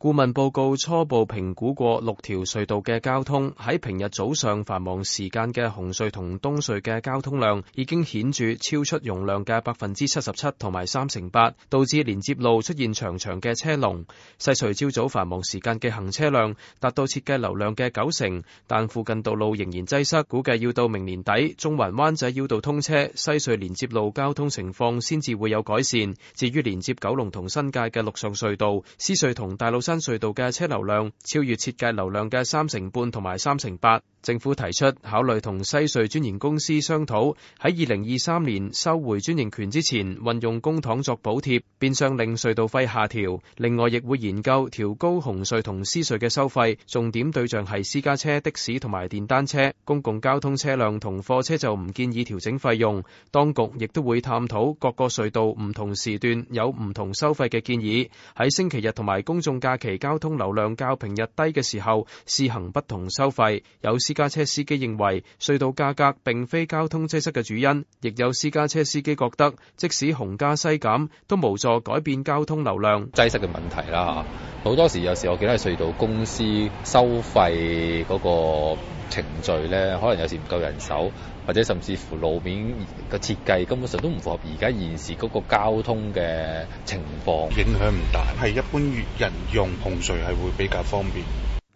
顧問報告初步評估過六條隧道嘅交通，喺平日早上繁忙時間嘅紅隧同東隧嘅交通量已經顯著超出容量嘅百分之七十七同埋三成八，導致連接路出現長長嘅車龍。西隧朝早繁忙時間嘅行車量達到設計流量嘅九成，但附近道路仍然擠塞。估計要到明年底中環灣仔繞道通車，西隧連接路交通情況先至會有改善。至於連接九龍同新界嘅陸上隧道，獅隧同大老。新隧道嘅車流量超越設計流量嘅三成半同埋三成八，政府提出考慮同西隧專營公司商討喺二零二三年收回專營權之前，運用公帑作補貼，變相令隧道費下調。另外，亦會研究調高紅隧同獅隧嘅收費，重點對象係私家車、的士同埋電單車。公共交通車輛同貨車就唔建議調整費用。當局亦都會探討各個隧道唔同時段有唔同收費嘅建議。喺星期日同埋公眾假其交通流量較平日低嘅時候，試行不同收費。有私家車司機認為隧道價格並非交通擠塞嘅主因，亦有私家車司機覺得，即使紅加西減，都無助改變交通流量擠塞嘅問題啦。好多時有時，我記得喺隧道公司收費嗰個。程序咧，可能有時唔夠人手，或者甚至乎路面個設計根本上都唔符合而家現時嗰個交通嘅情況，影響唔大，係一般人用紅隧係會比較方便。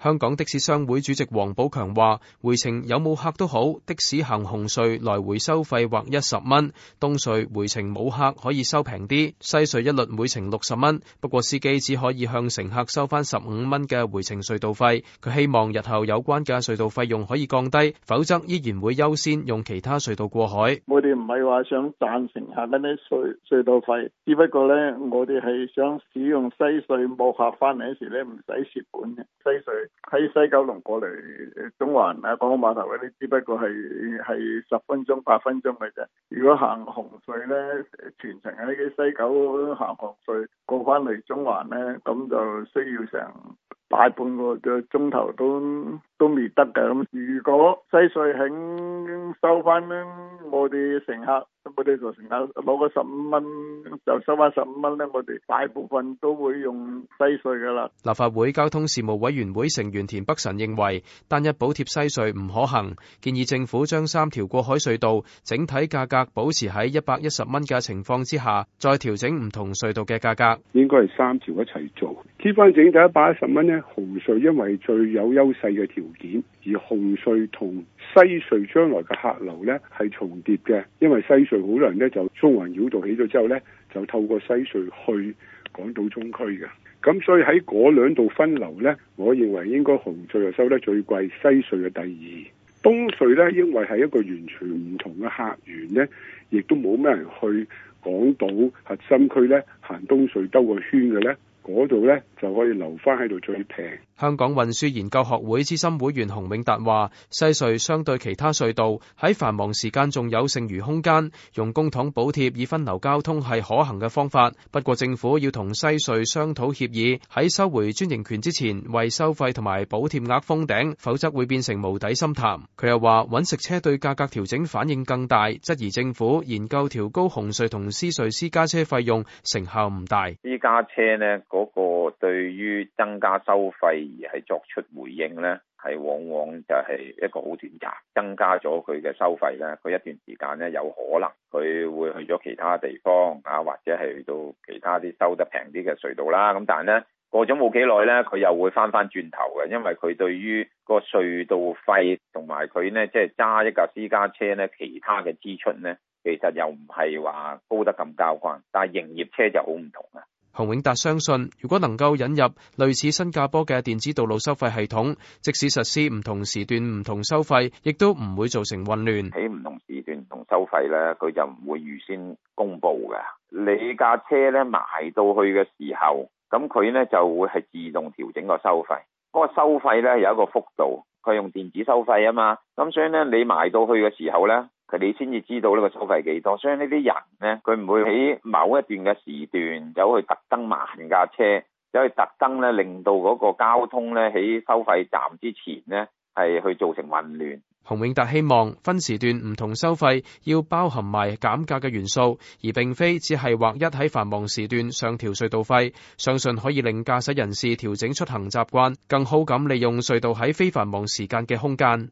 香港的士商會主席王寶強話：回程有冇客都好，的士行紅隧,隧來回收費劃一十蚊，東隧回程冇客可以收平啲，西隧一律每程六十蚊。不過司機只可以向乘客收翻十五蚊嘅回程隧道費。佢希望日後有關嘅隧道費用可以降低，否則依然會優先用其他隧道過海。我哋唔係話想讚成行呢啲隧隧道費，只不過咧我哋係想使用西隧冇客翻嚟時咧唔使蝕本嘅西隧。喺西九龍過嚟中環啊，港島碼頭嗰啲，只不過係係十分鐘、八分鐘嘅啫。如果行紅隧咧，全程喺啲西九行紅隧過翻嚟中環咧，咁就需要成大半個鐘頭都都未得噶。咁如果西隧肯收翻我哋乘客。我哋就成日攞個十五蚊，就收翻十五蚊咧。我哋大部分都會用西隧噶啦。立法會交通事務委員會成員田北辰認為，單一補貼西隧唔可行，建議政府將三條過海隧道整體價格保持喺一百一十蚊嘅情況之下，再調整唔同隧道嘅價格。應該係三條一齊做，貼翻整體一百一十蚊咧，紅隧因為最有優勢嘅條件。而紅隧同西隧將來嘅客流呢係重疊嘅，因為西隧好多人呢就中環繞道起咗之後呢，就透過西隧去港島中區嘅，咁所以喺嗰兩度分流呢，我認為應該紅隧就收得最貴，西隧嘅第二，東隧呢，因為係一個完全唔同嘅客源呢，亦都冇咩人去港島核心區呢行東隧兜個圈嘅呢。嗰度咧就可以留翻喺度最平。香港運輸研究學會資深會員洪永達話：西隧相對其他隧道喺繁忙時間仲有剩餘空間，用公帑補貼以分流交通係可行嘅方法。不過政府要同西隧商討協議，喺收回專營權之前，為收費同埋補貼額封頂，否則會變成無底深潭。佢又話：揾食車對價格調整反應更大，質疑政府研究調高紅隧同獅隧私家車費用成效唔大。私家車呢。嗰個對於增加收費而係作出回應呢，係往往就係一個好短暫。增加咗佢嘅收費呢，佢一段時間呢，有可能佢會去咗其他地方啊，或者係去到其他啲收得平啲嘅隧道啦。咁、啊、但係呢，過咗冇幾耐呢，佢又會返返轉頭嘅，因為佢對於個隧道費同埋佢呢，即係揸一架私家車呢，其他嘅支出呢，其實又唔係話高得咁交關，但係營業車就好唔同啊。熊永達相信，如果能夠引入類似新加坡嘅電子道路收費系統，即使實施唔同時段唔同收費，亦都唔會造成混亂。喺唔同時段唔同收費咧，佢就唔會預先公布嘅。你架車咧埋到去嘅時候，咁佢咧就會係自動調整個收費。嗰個收費咧有一個幅度，佢用電子收費啊嘛，咁所以咧你埋到去嘅時候咧。你先至知道呢個收費幾多，所以呢啲人呢，佢唔會喺某一段嘅時段走去特登慢架車，走去特登咧，令到嗰個交通咧喺收費站之前呢係去造成混亂。洪永達希望分時段唔同收費，要包含埋減價嘅元素，而並非只係劃一喺繁忙時段上調隧道費。相信可以令駕駛人士調整出行習慣，更好咁利用隧道喺非繁忙時間嘅空間。